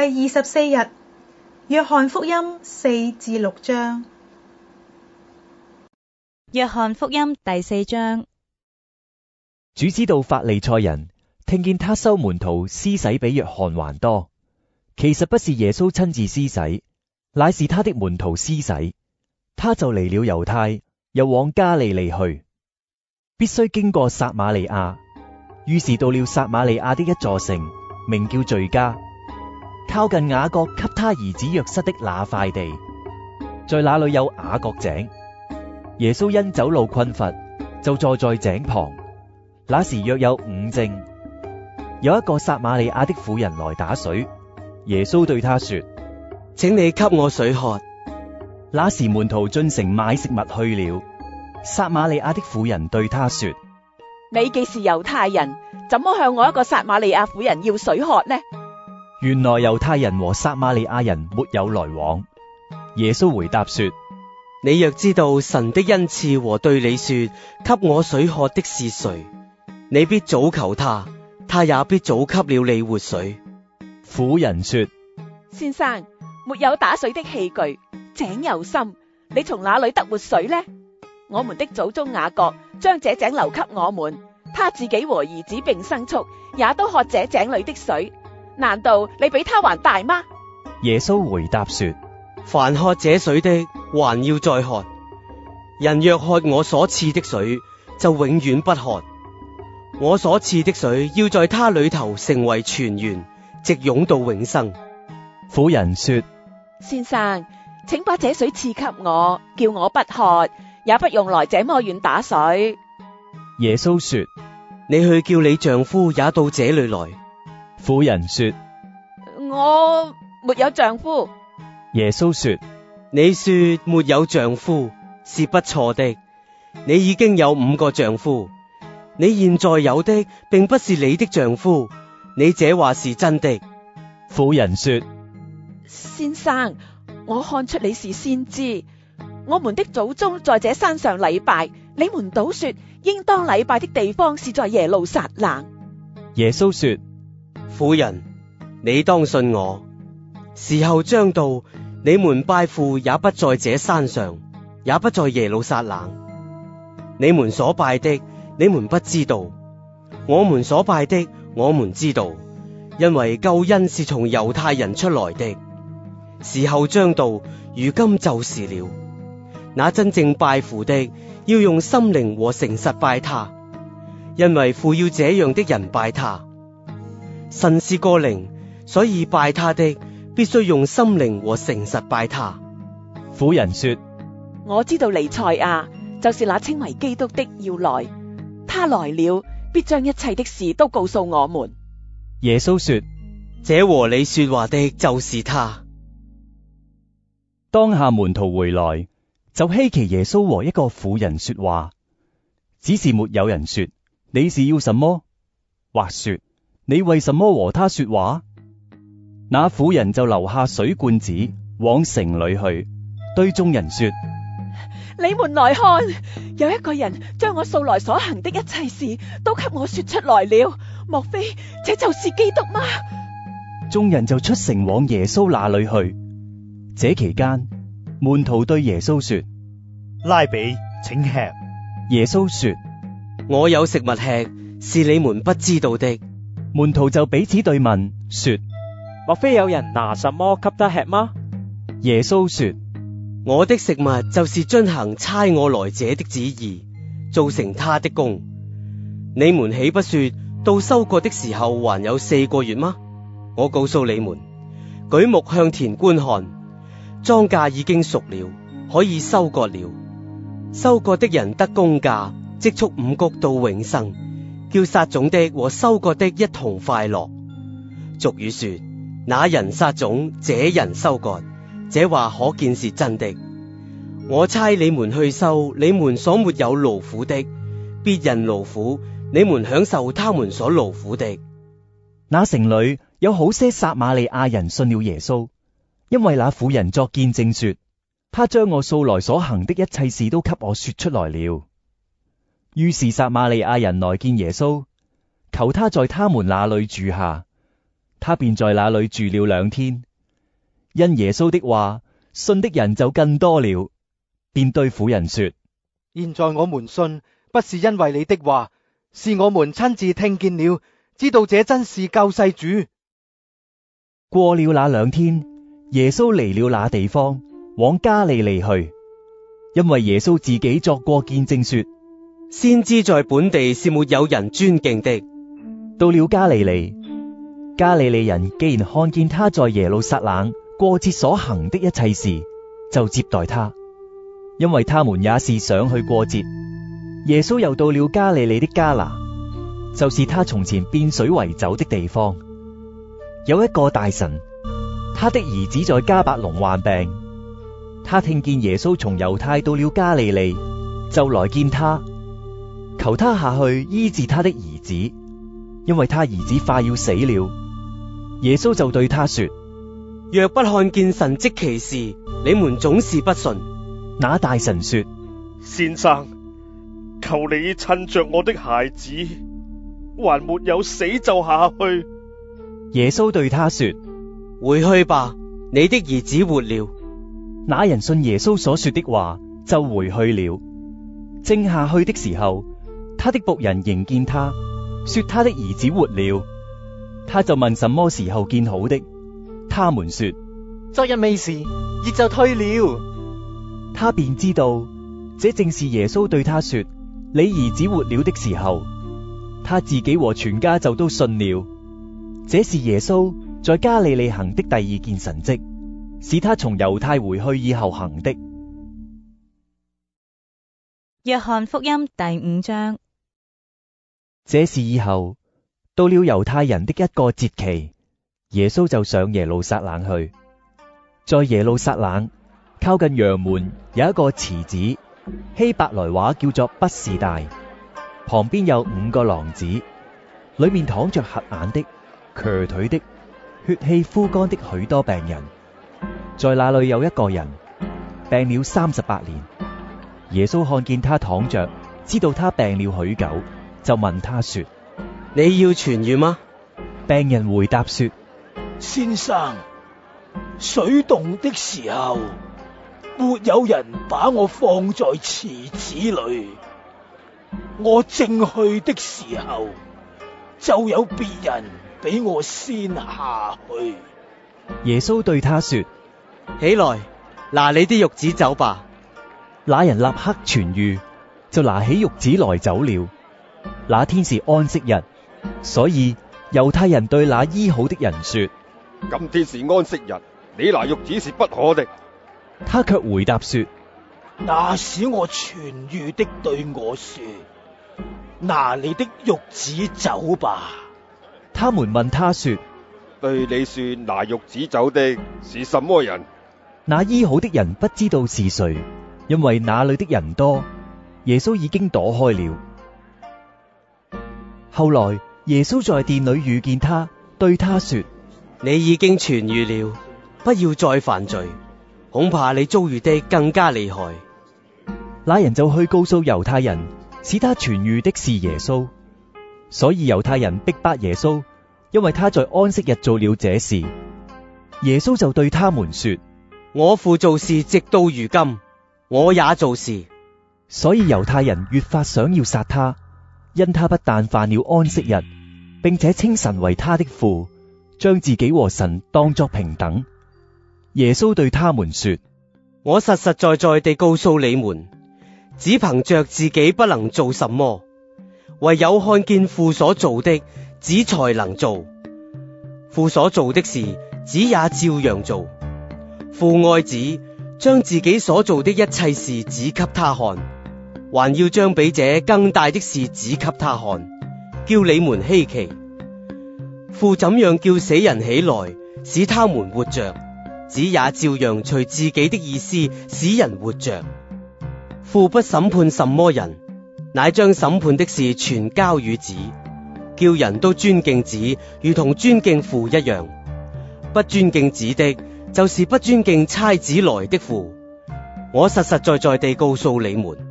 第二十四日，約翰福音四至六章。約翰福音第四章，主知道法利賽人聽見他收門徒施洗比約翰還多，其實不是耶穌親自施洗，乃是他的門徒施洗。他就離了猶太，又往加利利去，必須經過撒瑪利亞，於是到了撒瑪利亞的一座城，名叫敘加。靠近雅各給他兒子約瑟的那塊地，在那裡有雅各井。耶穌因走路困乏，就坐在井旁。那時約有午正，有一個撒瑪利亞的婦人來打水。耶穌對他說：請你給我水喝。那時門徒進城買食物去了。撒瑪利亞的婦人對他說：你既是猶太人，怎麼向我一個撒瑪利亞婦人要水喝呢？原來猶太人和撒瑪利亞人沒有來往。耶穌回答說：你若知道神的恩賜和對你說給我水喝的是誰，你必早求他，他也必早給了你活水。婦人說：先生，沒有打水的器具，井又深，你從哪裏得活水呢？我們的祖宗雅各將這井留給我們，他自己和兒子並生畜也都喝這井裏的水。難道你比他還大嗎？耶穌回答說：凡喝這水的，還要再喝；人若喝我所賜的水，就永遠不渴。我所賜的水要在他裏頭成為泉源，直湧到永生。婦人說：先生，請把這水賜給我，叫我不渴，也不用來這麼遠打水。耶穌說：你去叫你丈夫也到這裏來。婦人說：我沒有丈夫。耶穌說：你說沒有丈夫是不錯的，你已經有五個丈夫，你現在有的並不是你的丈夫，你這話是真的。婦人說：先生，我看出你是先知，我們的祖宗在這山上禮拜，你們倒說應當禮拜的地方是在耶路撒冷。耶穌說：婦人，你當信我，時候將到，你們拜父也不在這山上，也不在耶路撒冷。你們所拜的，你們不知道；我們所拜的，我們知道，因為救恩是從猶太人出來的。時候將到，如今就是了。那真正拜父的，要用心靈和誠實拜他，因為父要這樣的人拜他。神是個靈，所以拜他的必須用心靈和誠實拜他。婦人說：我知道彌賽亞就是那稱為基督的要來，他來了必將一切的事都告訴我們。耶穌說：這和你說話的就是他。當下門徒回來就希奇耶穌和一個婦人說話，只是沒有人說你是要什麼，或說。你為什麼和他說話？那婦人就留下水罐子，往城裏去，對眾人說：你們來看，有一個人將我素來所行的一切事都給我說出來了，莫非這就是基督嗎？眾人就出城往耶穌那裏去。這期間，門徒對耶穌說：拉比，請吃。耶穌說：我有食物吃，是你們不知道的。門徒就彼此對問，說：莫非有人拿什麼給他吃嗎？耶穌說：我的食物就是遵行差我來者的旨意，造成他的工。你們豈不說到收割的時候還有四個月嗎？我告訴你們，舉目向田觀看，莊稼已經熟了，可以收割了。收割的人得工價，積蓄五穀到永生。叫撒種的和收割的一同快樂。俗語說：那人撒種，這人收割。這話可見是真的。我差你們去收，你們所沒有勞苦的，別人勞苦，你們享受他們所勞苦的。那城裏有好些撒瑪利亞人信了耶穌，因為那婦人作見證說：他將我素來所行的一切事都給我說出來了。於是撒瑪利亞人來見耶穌，求他在他們那裏住下。他便在那裏住了兩天。因耶穌的話，信的人就更多了，便對婦人說：現在我們信，不是因為你的話，是我們親自聽見了，知道這真是救世主。過了那兩天，耶穌離了那地方，往加利利去，因為耶穌自己作過見證說。先知在本地是沒有人尊敬的。到了加利利，加利利人既然看見他在耶路撒冷過節所行的一切事，就接待他，因為他們也是想去過節。耶穌又到了加利利的加拿，就是他從前變水為酒的地方。有一個大臣，他的兒子在迦百農患病，他聽見耶穌從猶太到了加利利，就來見他。求他下去醫治他的兒子，因為他兒子快要死了。耶穌就對他說：若不看見神蹟奇事，你們總是不信。那大臣說：先生，求你趁着我的孩子還沒有死就下去。耶穌對他說：回去吧，你的兒子活了。那人信耶穌所說的話，就回去了。正下去的時候，他的僕人迎見他說，他的兒子活了，他就問什麼時候見好的？他們說，昨日未時熱就退了，他便知道這正是耶穌對他說，你兒子活了的時候。他自己和全家就都信了。這是耶穌在加利利行的第二件神蹟，是他從猶太回去以後行的。約翰福音第五章。這事以後到了猶太人的一個節期，耶穌就上耶路撒冷去。在耶路撒冷靠近羊門有一個池子，希伯來話叫做畢士大，旁邊有五個廊子，裏面躺着瞎眼的、瘸腿的、血氣枯乾的許多病人。在那裏有一個人病了三十八年，耶穌看見他躺着，知道他病了許久。就問他說：你要痊癒嗎？病人回答說：先生，水動的時候，沒有人把我放在池子裏，我正去的時候，就有別人比我先下去。耶穌對他說：起來，拿你啲褥子走吧。那人立刻痊癒，就拿起褥子來走了。那天是安息日，所以猶太人對那醫好的人說：今天是安息日，你拿褥子是不可的。他卻回答說：那使我痊愈的，對我說，拿你的褥子走吧。他們問他說：對你說拿褥子走的是什麼人？那醫好的人不知道是誰，因為那裏的人多，耶穌已經躲開了。後來耶穌在殿裏遇見他，對他說：你已經痊愈了，不要再犯罪，恐怕你遭遇的更加厲害。那人就去告訴猶太人，使他痊愈的是耶穌，所以猶太人逼迫耶穌，因為他在安息日做了這事。耶穌就對他們說：我父做事直到如今，我也做事。所以猶太人越發想要殺他。因他不但犯了安息日，並且稱神為他的父，將自己和神當作平等。耶穌對他們說：我實實在在地告訴你們，子憑着自己不能做什麼，唯有看見父所做的，子才能做。父所做的事，子也照樣做。父愛子，將自己所做的一切事，指給他看。還要將比這更大的事指給他看，叫你們稀奇。父怎樣叫死人起來，使他們活着，子也照樣隨自己的意思使人活着。父不審判什麼人，乃將審判的事全交與子，叫人都尊敬子，如同尊敬父一樣。不尊敬子的，就是不尊敬差子來的父。我實實在在地告訴你們。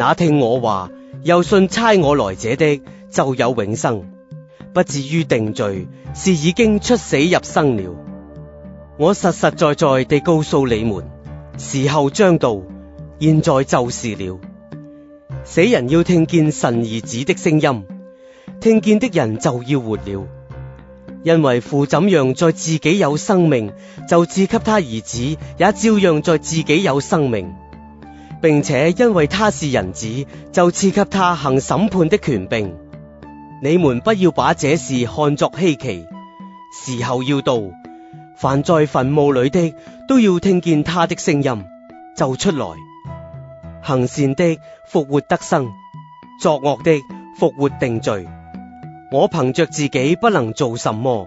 那聽我話，又信差我來者的，就有永生，不至於定罪，是已經出死入生了。我實實在在地告訴你們，時候將到，現在就是了。死人要聽見神兒子的聲音，聽見的人就要活了。因為父怎樣在自己有生命，就賜給他兒子，也照樣在自己有生命。並且因為他是人子，就賜給他行審判的權柄。你們不要把這事看作稀奇。時候要到，凡在墳墓裏的都要聽見他的聲音，就出來。行善的復活得生，作惡的復活定罪。我憑着自己不能做什麼，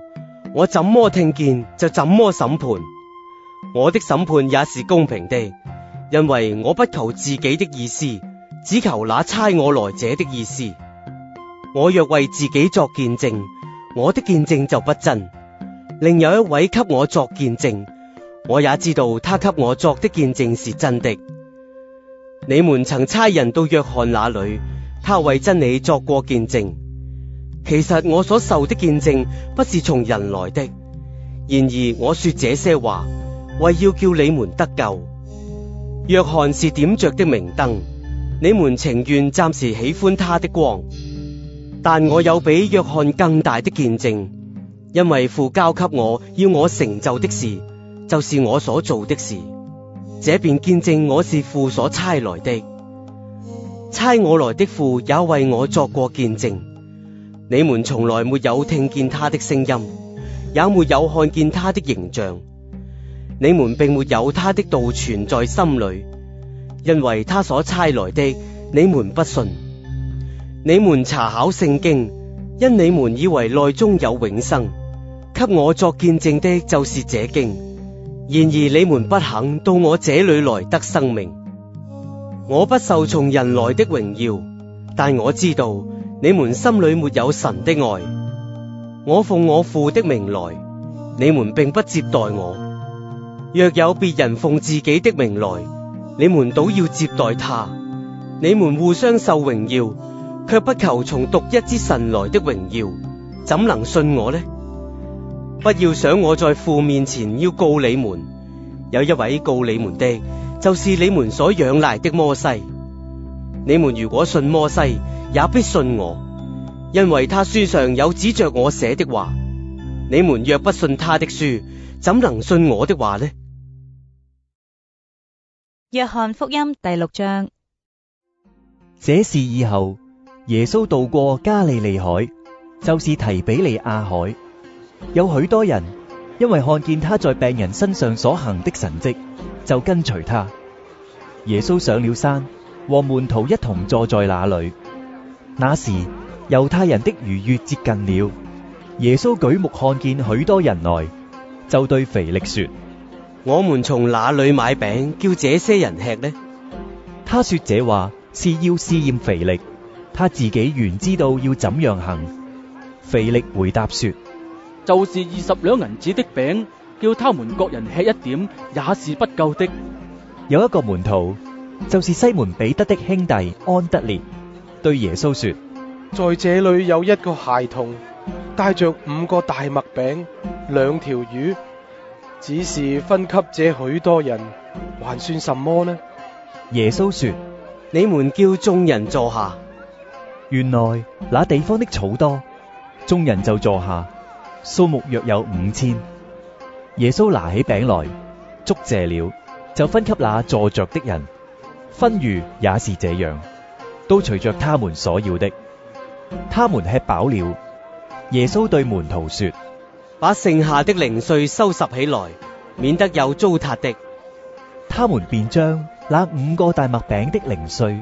我怎麼聽見就怎麼審判。我的審判也是公平的。因為我不求自己的意思，只求那差我來者的意思。我若為自己作見證，我的見證就不真。另有一位給我作見證，我也知道他給我作的見證是真的。你們曾差人到約翰那裏，他為真理作過見證。其實我所受的見證不是從人來的。然而我說這些話，為要叫你們得救。約翰是點着的明燈，你們情願暫時喜歡他的光，但我有比約翰更大的見證，因為父交給我要我成就的事，就是我所做的事，這便見證我是父所差來的。差我來的父也為我作過見證，你們從來沒有聽見他的聲音，也沒有看見他的形象。你們並沒有他的道存在心裏，因為他所差來的你們不信。你們查考聖經，因你們以為內中有永生，給我作見證的，就是這經。然而你們不肯到我這裏來得生命。我不受從人來的榮耀，但我知道你們心裏沒有神的愛。我奉我父的名來，你們並不接待我。若有別人奉自己的名來，你們倒要接待他；你們互相受榮耀，卻不求從獨一之神來的榮耀，怎能信我呢？不要想我在父面前要告你們，有一位告你們的，就是你們所仰賴的摩西。你們如果信摩西，也必信我，因為他書上有指着我寫的話。你們若不信他的書，怎能信我的話呢？約翰福音第六章。這事以後，耶穌渡過加利利海，就是提比利亞海。有許多人因為看見他在病人身上所行的神蹟，就跟隨他。耶穌上了山，和門徒一同坐在那裏。那時，猶太人的逾越接近了，耶穌舉目看見許多人來，就對腓力說。我們從哪裏買餅叫這些人吃呢？他說這話是要試驗腓力，他自己原知道要怎樣行。腓力回答說：，就是二十兩銀子的餅，叫他們各人吃一點也是不夠的。有一個門徒，就是西門彼得的兄弟安德烈，對耶穌說：，在這裏有一個孩童，帶着五個大麥餅，兩條魚。只是分給這許多人，還算什麼呢？耶穌說：你們叫眾人坐下。原來那地方的草多，眾人就坐下，數目約有五千。耶穌拿起餅來，祝謝了，就分給那坐着的人。分魚也是這樣，都隨着他們所要的。他們吃飽了，耶穌對門徒說。把剩下的零碎收拾起來，免得有糟蹋的。他們便將那五個大麥餅的零碎，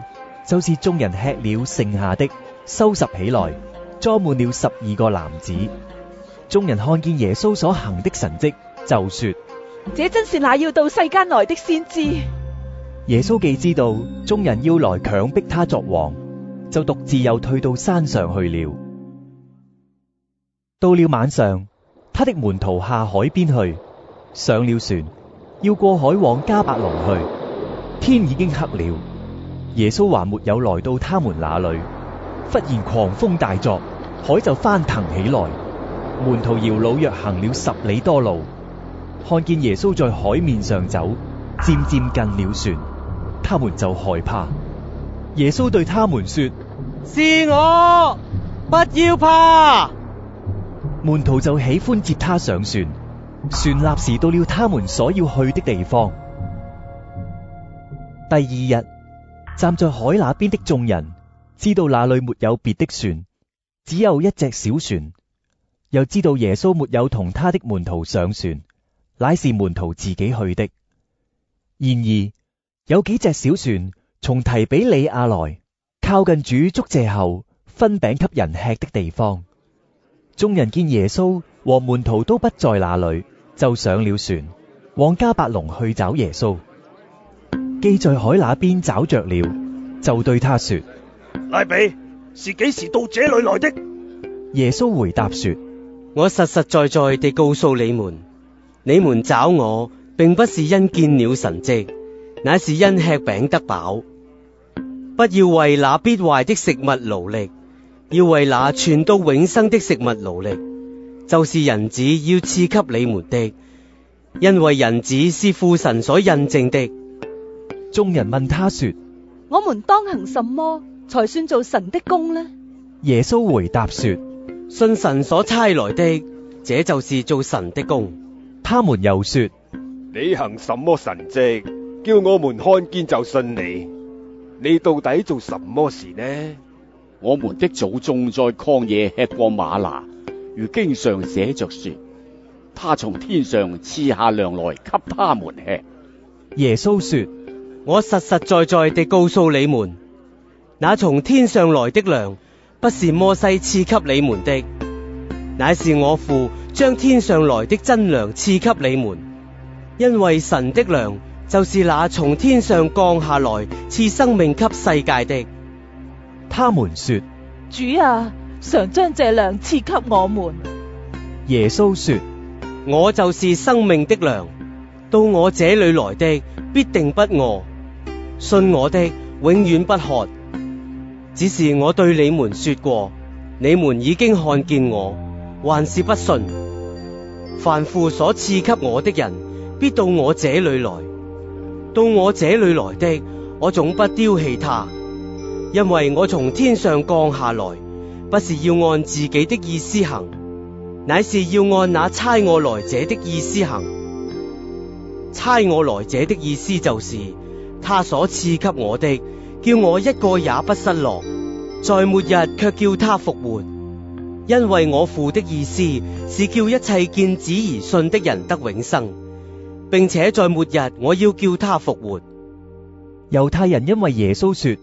就是眾人吃了剩下的，收拾起來，裝滿了十二個籃子。眾人看見耶穌所行的神跡，就說：這真是那要到世間來的先知。嗯、耶穌既知道眾人要來強迫他作王，就獨自又退到山上去了。到了晚上。他的門徒下海邊去，上了船，要過海往迦百農去。天已經黑了，耶穌還沒有來到他們那裏。忽然狂風大作，海就翻騰起來。門徒搖櫓約行了十里多路，看見耶穌在海面上走，漸漸近了船，他們就害怕。耶穌對他們說：是我，不要怕。門徒就喜歡接他上船，船立時到了他們所要去的地方。第二日，站在海那邊的眾人知道那裏沒有別的船，只有一隻小船，又知道耶穌沒有同他的門徒上船，乃是門徒自己去的。然而，有幾隻小船從提比里亞來，靠近主祝謝後分餅給人吃的地方。眾人見耶穌和門徒都不在那裏，就上了船往迦百農去找耶穌。既在海那邊找着了，就對他說：拉比，是幾時到這裏來的？耶穌回答說：我實實在在地告訴你們，你們找我，並不是因見了神蹟，乃是因吃餅得飽。不要為那必壞的食物勞力。要為那存到永生的食物勞力，就是人子要賜給你們的，因為人子是父神所印證的。眾人問他說：我們當行什麼才算做神的工呢？耶穌回答說：信神所差來的，這就是做神的工。他們又說：你行什麼神跡，叫我們看見就信你？你到底做什麼事呢？我們的祖宗在曠野吃過馬拿，如經上寫着說，他從天上賜下糧來給他們吃。耶穌說：我實實在在地告訴你們，那從天上來的糧不是摩西賜給你們的，乃是我父將天上來的真糧賜給你們。因為神的糧就是那從天上降下來賜生命給世界的。他們說：主啊，常將這糧賜給我們。耶穌說：我就是生命的糧，到我這裏來的必定不餓，信我的，永遠不渴。只是我對你們說過，你們已經看見我，還是不信。凡父所賜給我的人，必到我這裏來，到我這裏來的，我總不丟棄他。因為我從天上降下來，不是要按自己的意思行，乃是要按那差我來者的意思行。差我來者的意思就是，他所賜給我的，叫我一個也不失落。在末日卻叫他復活，因為我父的意思是叫一切見子而信的人得永生，並且在末日我要叫他復活。猶太人因為耶穌說。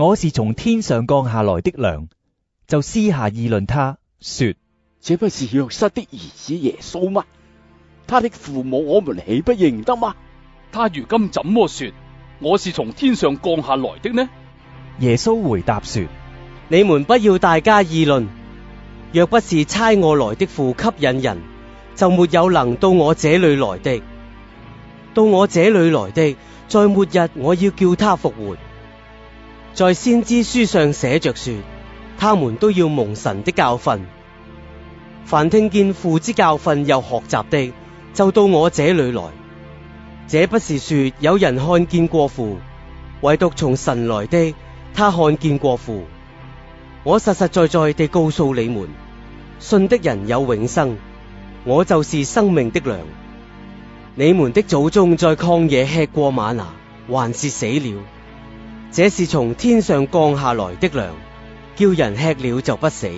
我是從天上降下來的糧，就私下議論他說：這不是約瑟的兒子耶穌嗎？他的父母我們豈不認得嗎？他如今怎麼說我是從天上降下來的呢？耶穌回答說：你們不要大家議論，若不是差我來的父吸引人，就沒有能到我這裏來的。到我這裏來的，在末日我要叫他復活。在先知書上寫着說，他們都要蒙神的教訓。凡聽見父之教訓又學習的，就到我這裏來。這不是說有人看見過父，唯獨從神來的，他看見過父。我實實在在地告訴你們，信的人有永生。我就是生命的糧。你們的祖宗在曠野吃過瑪拿，還是死了。這是從天上降下來的糧，叫人吃了就不死。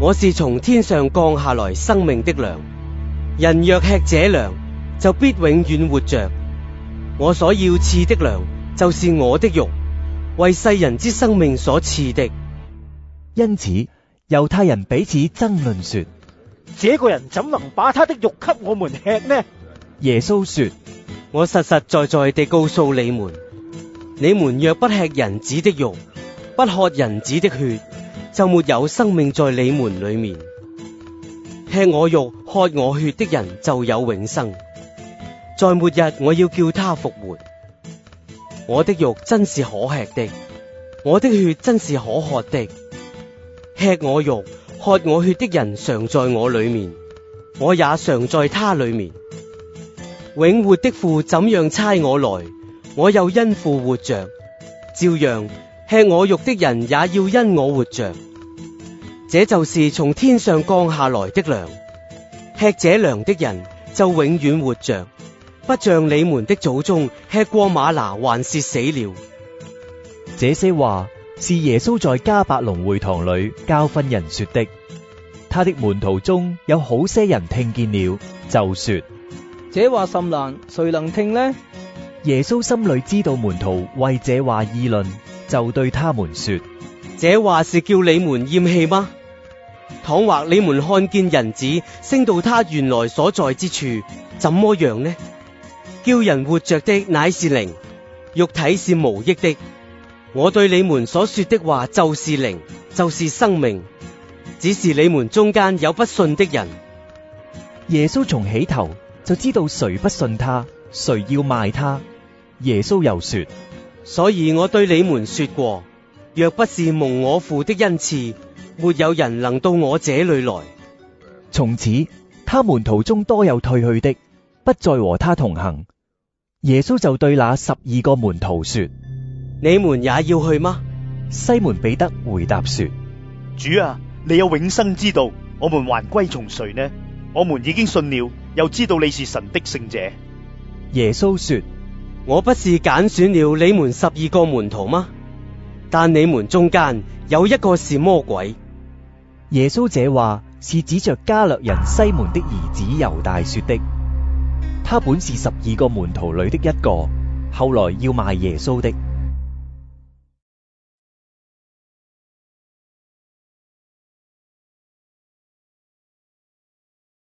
我是從天上降下來生命的糧，人若吃這糧，就必永遠活着。我所要賜的糧，就是我的肉，為世人之生命所賜的。因此，猶太人彼此爭論說：這個人怎能把他的肉給我們吃呢？耶穌說：我實實在在地告訴你們。你們若不吃人子的肉，不喝人子的血，就沒有生命在你們裏面。吃我肉，喝我血的人就有永生。在末日我要叫他復活。我的肉真是可吃的，我的血真是可喝的。吃我肉，喝我血的人常在我裏面，我也常在他裏面。永活的父怎樣差我來，我又因父活着，照樣吃我肉的人也要因我活着。這就是從天上降下來的糧，吃這糧的人就永遠活着，不像你們的祖宗吃過嗎哪還是死了。這些話是耶穌在迦百農會堂裏教訓人說的。他的門徒中有好些人聽見了，就說：這話甚難，誰能聽呢？耶穌心裏知道門徒為這話議論，就對他們說：這話是叫你們厭棄嗎？倘若你們看見人子升到他原來所在之處，怎麼樣呢？叫人活着的乃是靈，肉體是無益的。我對你們所說的話就是靈，就是生命。只是你們中間有不信的人。耶穌從起頭就知道誰不信他，誰要賣他。耶穌又說：所以我對你們說過，若不是蒙我父的恩賜，沒有人能到我這裏來。從此，他們途中多有退去的，不再和他同行。耶穌就對那十二個門徒說：你們也要去嗎？西門彼得回答說：主啊，你有永生之道，我們還歸從誰呢？我們已經信了，又知道你是神的聖者。耶穌說。我不是揀選了你們十二個門徒嗎？但你們中間有一個是魔鬼。耶穌這話是指着加略人西門的兒子猶大說的。他本是十二個門徒裏的一個，後來要賣耶穌的。